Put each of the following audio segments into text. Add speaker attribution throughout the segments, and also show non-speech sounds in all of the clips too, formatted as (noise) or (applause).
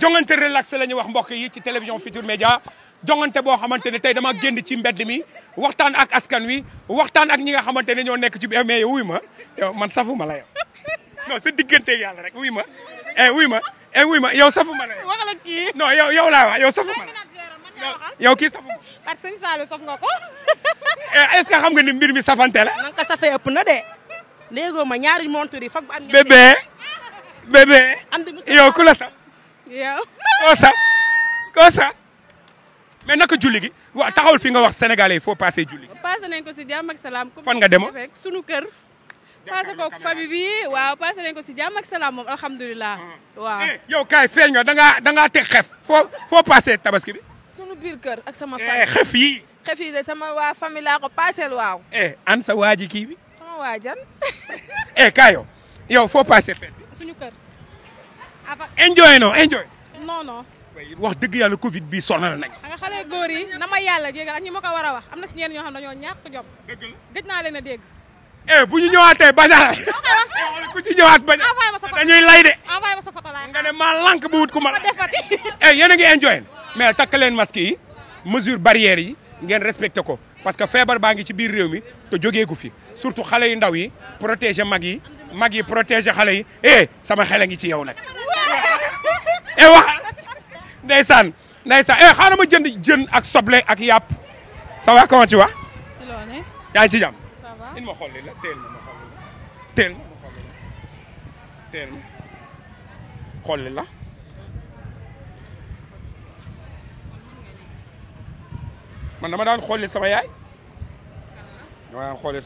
Speaker 1: jongante relaxé la ñuy wax mbokk yi ci télévision Futur Média jongante boo xamante ne tey dama génn ci mbedd mi waxtaan ak askan wi waxtaan ak ñi nga xamante ne ñoo nekk ci biir mais wuy ma yow man safuma la yow (laughs) non diggante yàlla rek wuy ma eh wuy ma eh wuy ma yow safuma yow. waxal yow yow laa wax kii safuma. (laughs) ak sëñ Saalum nga ko. (laughs) Eh, xam nga ni mbir mi safante la. na nga na de. ma ñaari monture yi foog ba am. bébé bébé yow yow. koo sa koo sa mais naka julli gi waaw fi nga wax sénégalais il faut passer julli gi. passé nañ ko si jàmm ak salaam. nga demoon sunu kër. passé ko famille bi waaw passé nañ ko si jàmm ak moom alhamdulilah. Ah. waaw eh, yow kaay feeñ nga da ngaa da ngaa teg xef foo foo tabaski bi. sunu biir kër ak sama. Eh, famille xef yi. xef sama waa famille laa ko passé waaw. Eh, an sa waaji kii bi. sama waajan. eh kaay yow yow foo passé suñu kër. enjoy no enjoy non non wax dëgg yàlla covid bi sonal nañ nga xale góor yi na ma yàlla jégal ak ñi ma ka war a wax am na si ñeen ñoo xam dañoo ñàkk jom gëj naa leen a dégg eh bu ñu ñëwaatee bañal eh, ku ci ñëwaat bañal dañuy lay de envoyé ma sa nga ne maa lànk bu wut ku ma defati (laughs) eh yéen a ngi enjoy mais takk leen masque yi mesure barrière yi ngeen respecté ko parce que feebar baa ngi ci biir réew mi te jogee ko fi surtout xale yu ndaw yi protéger mag yi mag yi protéger xale yi eh sama xel a ngi ci yow nag e wax ndeysaan ndeysaan e xaaral ma jënd jën ak soble ak yàpp ça va comment tu yaa ngi ci jàmm in ma xool la teel ma ma xool la teel ma ma xool ma daan xooli sama yaay dama daan xooli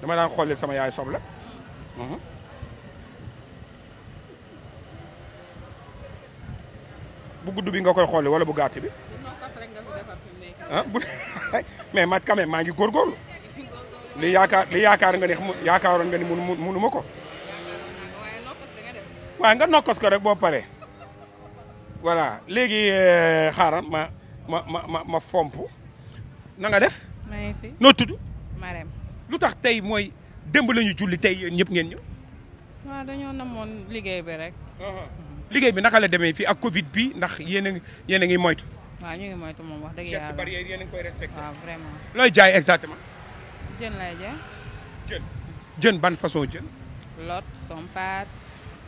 Speaker 1: dama daan xooli sama yaay soble bu gudd bi nga koy xoolee wala bu gàtt bi. ah bu (laughs) mais maa ngi góorgóorlu. li yaakaar li yaakaar nga ne yaakaaroon nga ni munu munu ma ko. waaye nga nokkos ko rek boo pare voilà léegi euh, xaaral ma ma ma ma fomp. na nga def. maa tudd. Marème. lu tax tey mooy démb la ñu julli tey yéen ñëpp ngeen ñëw. waaw dañoo namoon liggéey bi rek. Uh-huh. liggéey bi naka la demee fii ak Covid bi ndax yéen a ngi yéen a ngi moytu. waaw koy respecté. jaay exactement. jën lay jaay. jën jën ban façon jën. lot sompat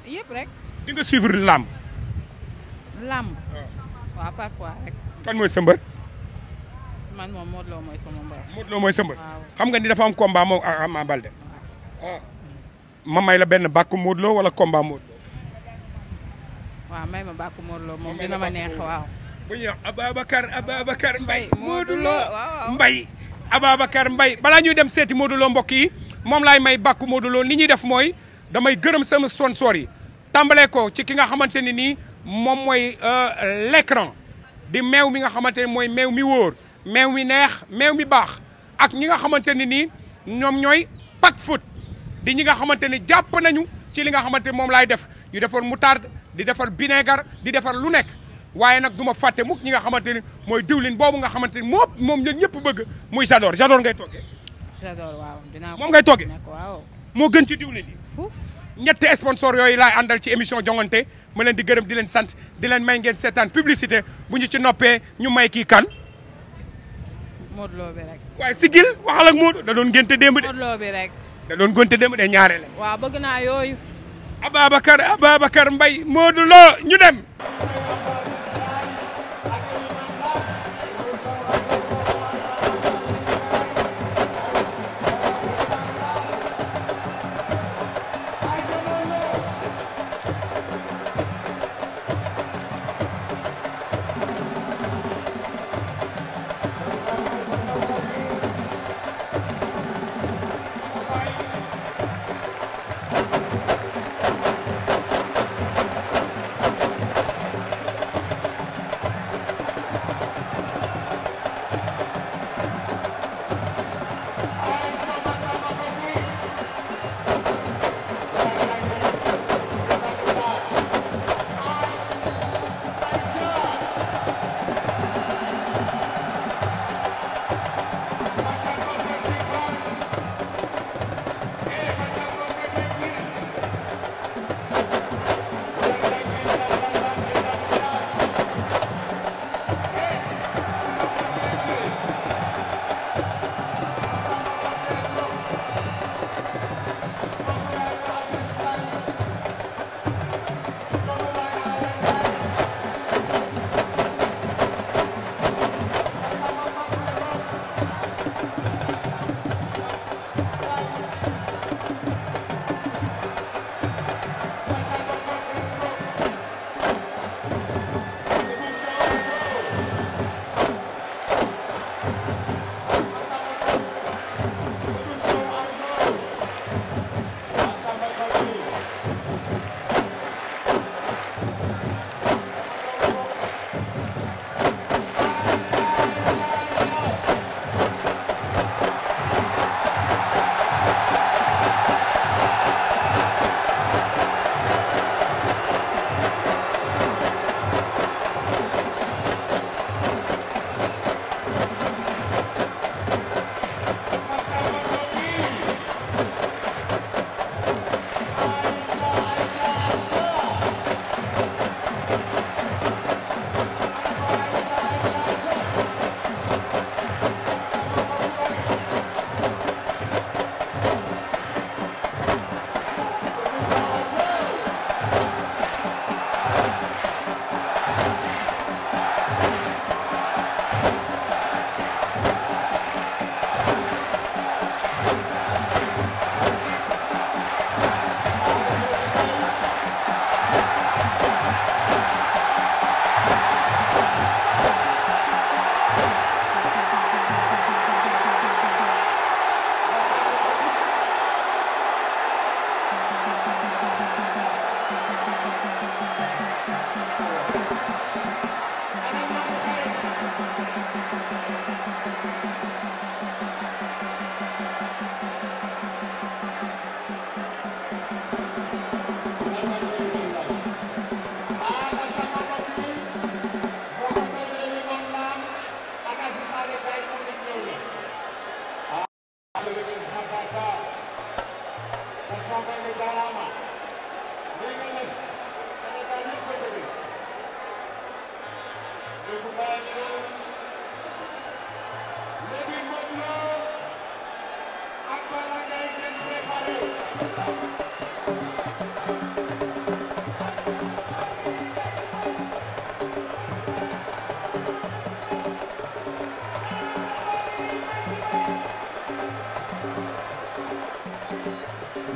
Speaker 1: yëpp rek. di suivre làmb. làmb. Ah. kan mooy sa mbër. man moom Modou Lo xam nga ni dafa am combat moom ak Ama Baldé. ah la benn bàkku Modou Lo wala combat Modou. waaw may ma bàkku Modou Lo moom dina ma neex waaw. bu ñuy wax Ababacar Ababacar Mbaye. Modou mbay Mbaye Ababacar Mbaye balaa ñuy dem seeti Modou Lo mbokk yi moom laay may bàkku Modou Lo li ñuy def mooy damay gërëm sama sponsor yi. tàmbalee ko ci ki nga xamante ne nii moom mooy euh, l'écran di meew mi nga xamante ne mooy meew mi wóor meew mi neex meew mi baax ak ñi nga xamante ne nii ñoom ñooy pack foot di ñi nga xamante ne jàpp nañu ci li nga xamante ne moom laay def. yu defar moutarde di defar vinaigre di defar lu nekk waaye nag du ma fàtte mukk ñi nga xamante ni mooy diwlin boobu nga xamante ni moom moom ñun bëgg muy Jador Jador ngay toggee. Jador dinaa moom ngay toggee waaw. moo gën ci diwlin yi. ñette ñetti sponsor yooyu laay àndal ci émission jongante ma leen di gërëm di leen sant di leen may ngeen seetaan publicité bu ñu ci noppee ñu may kii kan. Modou Lo bi rek. waaye Sigil waxal ak da doon ngénte démb de. Modou Lo bi doon ngénte démb de ñaare la. waaw bëgg naa yooyu. Ababacar Ababacar Mbaye Modou Lo ñu dem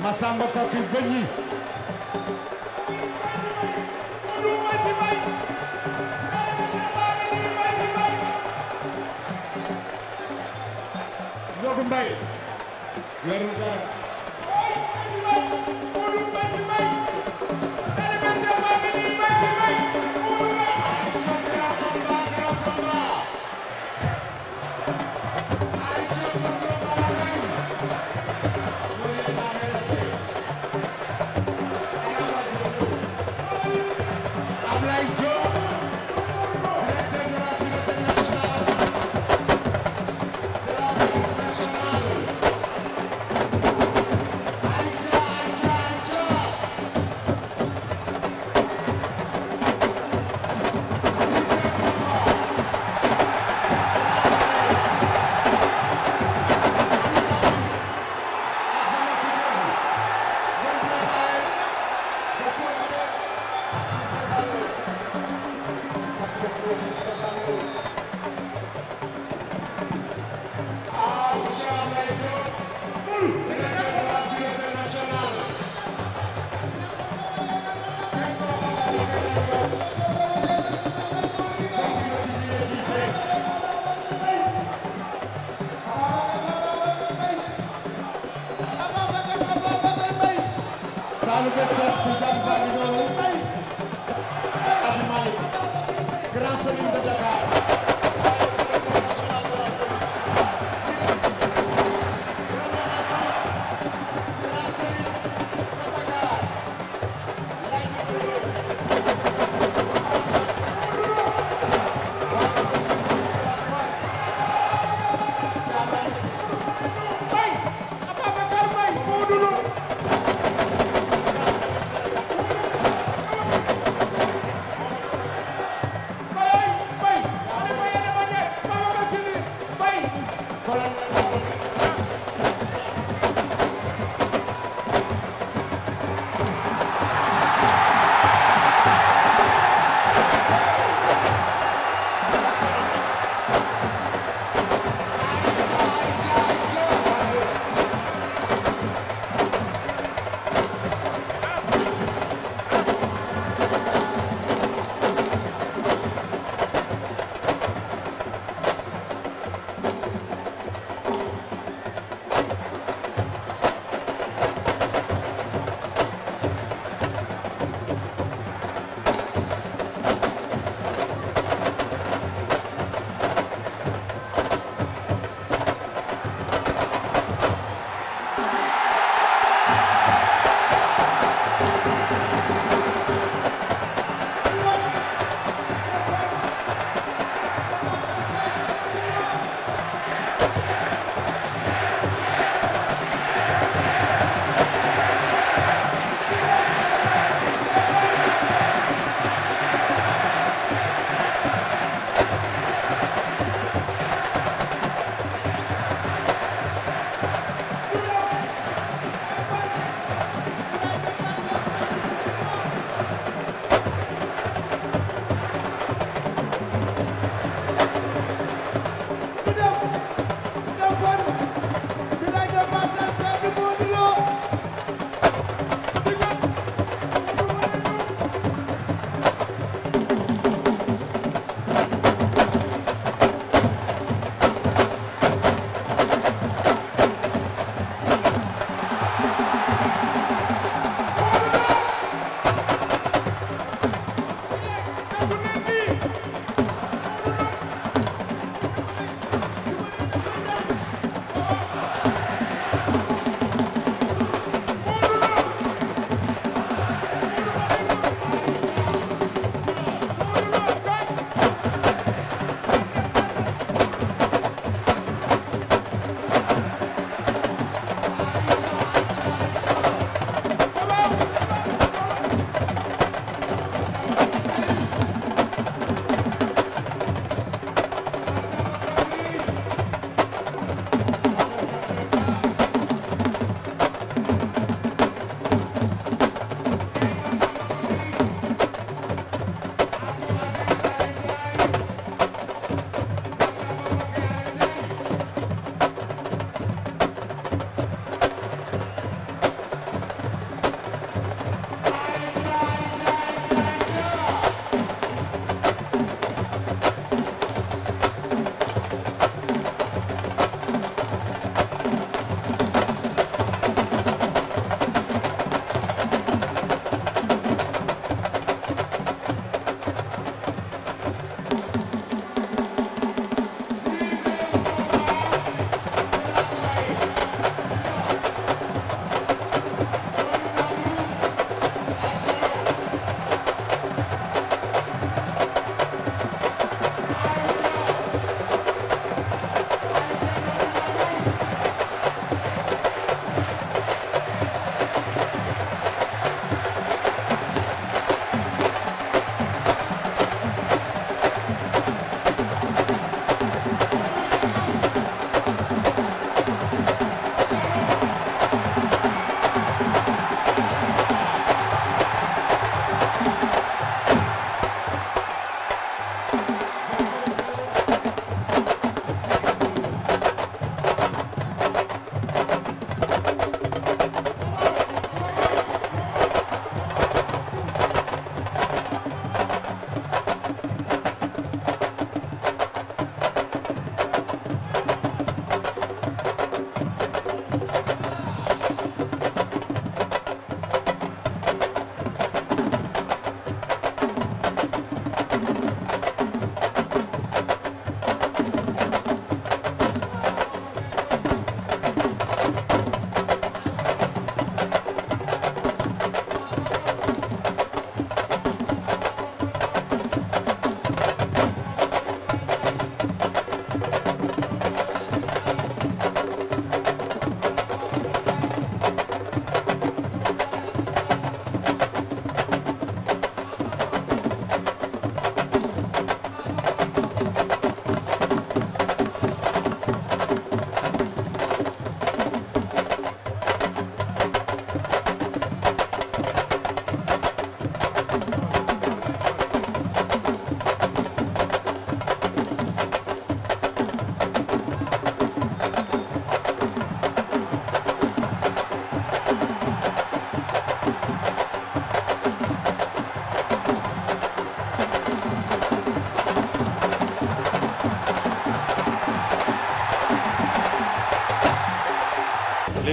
Speaker 1: Massamba Kapi Bëñi Njogu Mbay weeru Kër Cheikh Tidiane Ba di noonu Adi Malick grand serigne de Dakar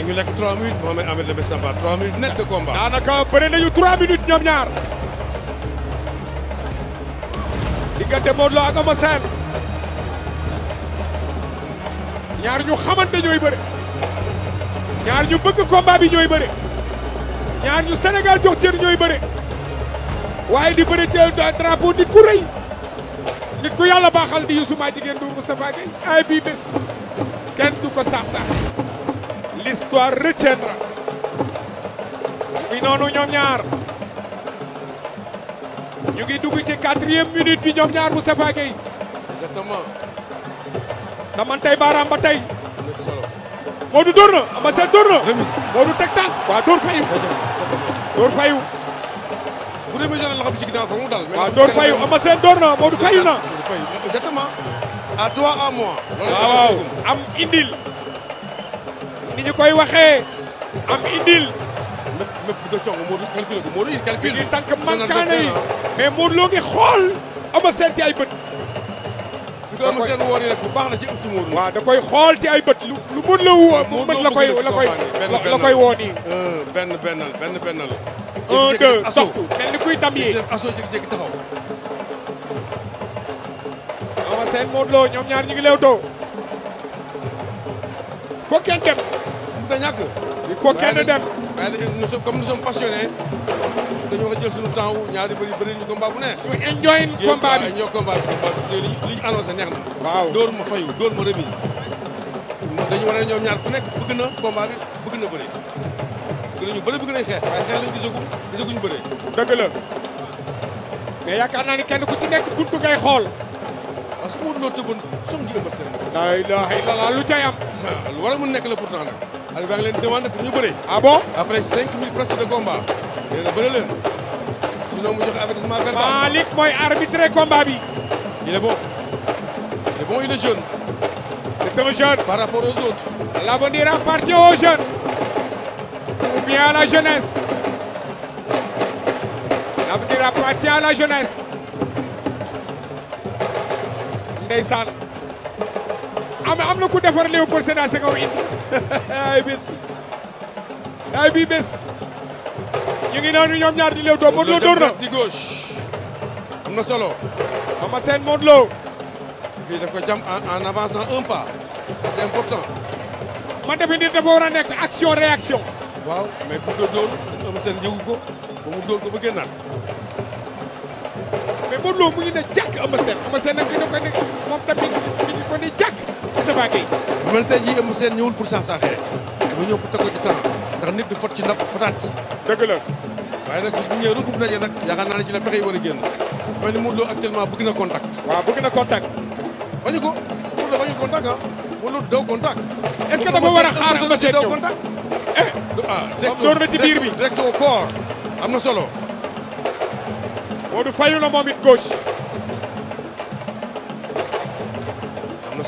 Speaker 1: tey ñu lekk 3 minutes Mohamed Ahmed Lamine Samba 3 minutes net daanaka bëri nañu 3 minutes ñoom ñaar. diggante Modou Lo ak Eumeu Sène ñaar ñu xamante ñooy bëri ñaar ñu bëgg combat bi ñooy bëri ñaar jox cër ñooy bëri waaye di bëri teel drapeau nit ku rëy nit ku yàlla baaxal di Youssou maa jigéen du ay bii bés kenn du ko saax l'histoire retiendra bi noonu ñoom ñaar ñu ngi dugg ci quatrième minute bi ñoom ñaar Moustapha Gueye exactement daman tey baaraam ba tey Modou dóor na ama seen dóor na Modou teg tànk waaw dóor fayu dóor fayu bu dóor fayu ama dóor na Modou fayu na exactement à toi am indil ni koy waxee am indil. mais bu ko coono Modou calculé ko Modou il calcule. il tànk mankaane yi xool Eumeu Sène ay bët. su ko baax na ci ëpp ci da koy xool ci ay bët lu lu mën la woo. mu mën la koy la koy la koy woo nii. benn benn benn benn la. un deux surtout mel ni kuy dam yi aso jékki-jékki ñoom ñaar ñu ngi leewtoo. foo kenn dem. mënut a ñàkk. ko kenn dem waaye nous sommes comme nous sommes passionnés dañoo war a jël suñu temps wu ñaari bëri bëri ñu combat bu neex. ñu enjoy combat bi ñoo combat bi combat bi li ñu annoncé neex na. waaw dóor ma fayu dóor ma remise. dañu wane ñoom ñaar ku nekk bëgg na combat bëgg na bëri bëgg ñu bëri bëgg nañ xeex waaye xeex lañu gisagu gisaguñu bëri. dëgg la mais naa ni kenn ku ci nekk buntu ngay xool. waaw su ma wut loo tëboon soog ñu ëmbat seen. la ilaha illallah lu cay am. lu war nekk la pourtant Aliou da nga leen demandé pour ñu bëre. ah bon après cinq minutes presque de combat. nee na bëre leen sinon mu joxe avertissement verbal. arbitré combat bi. il est bon il bon il est jeune. c' est jeune. par rapport aux autres. l'avenir appartient aux jeunes. ou bien à la jeunesse. l'avenir appartient à la jeunesse. ndeysaan. am na ku defar Léopold Sédar Senghor in ay bis ay bi bés ñu ngi noonu ñoom ñaar di léewtoo Modou Lo dóor na di gauche am na solo Ama Sène Lo bi daf ko jam en avançant un pas ça c'est important man defe nit dafa war a nekk action réaction waaw mais ku ko dóor Ama Sène ba mu dóor ko ba génnaat mais Modou Lo mu ngi ne jàkk Ama Sène Ama Sène nag ne moom tamit mi ngi ne jàkk Moustapha Gueye bu mel tey jii Eumeu Sène ñëwul pour saax-saaxee mu ñëw pour teg ko ci ndax nit du fot ci ndab fotaat ci dëgg la waaye nag bis bu ñëwee recoupé nañu nag yaakaar naa ci la pexe yi war a génn mooy ne Modou Lo actuellement bëgg na contact waaw bëgg na contact bañu ko Modou Lo bañu contact ah Modou Lo daw contact est ce que dafa a xaar ba seet daw contact eh, eh ah, door na ci biir bi direct au am na solo Modou fayu la moom it gauche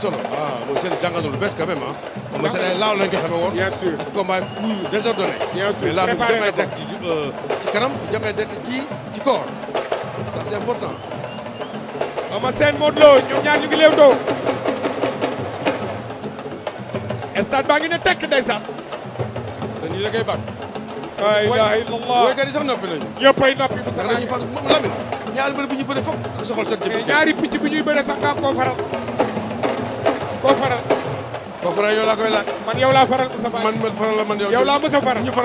Speaker 1: solo waaw mooy seen jàngatu lu bees quand même ah. mooy seen ay laaw lañ ko xamee woon. bien sûr combat plus désordonné. bien sûr mais det ci ci kanam jàngay det ci ci corps. ça c'est important. Ama Sène ñoom ñaar ñu ngi léewtoo. stade baa ne tekk ndeysaan. te nii da koy bàq. waay waay waay sax noppi nañu. ñëppay noppi. bu ñu bëree foog. soxal seen eh, jëmm ñaari picc bu ñuy bëree sax nga koo faral. koo faral yow laa koy laaj. man yow laa faral Moussa Faye. man laa Moussa faral ñu ah,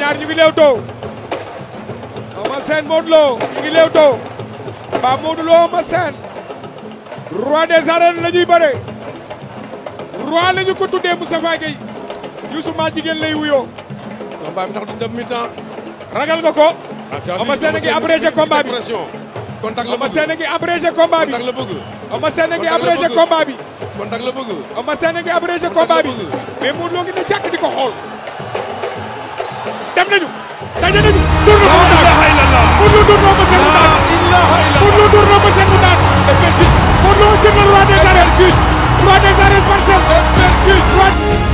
Speaker 1: ñaar ñu ngi leew too. Eumeu Sène Modou Lo ñu ngi leew too. Ba Modou Lo Eumeu Sène. roi des arènes la ñuy bëre. roi la ñu ko tuddee Moussa Faye Gueye. jigéen lay wuyoo. combat bi ndax du dem mi-temps. ragal nga ko. Eumeu ah, Sène a ngi abrégé combat bi. contact la la bëgg. Eumeu Sène ngi abrégé combat bi. kon nag la bëgg. Eumeu ngi abrégé combat bi. mais Modou Lo ngi ne di ko xool. dem nañu. daje nañu. tur na ko daan Modou Lo tur na Eumeu Sène mu daan. Modou Lo tur na Eumeu Sène mu daan. Modou Lo jël na roi des arènes. roi des arènes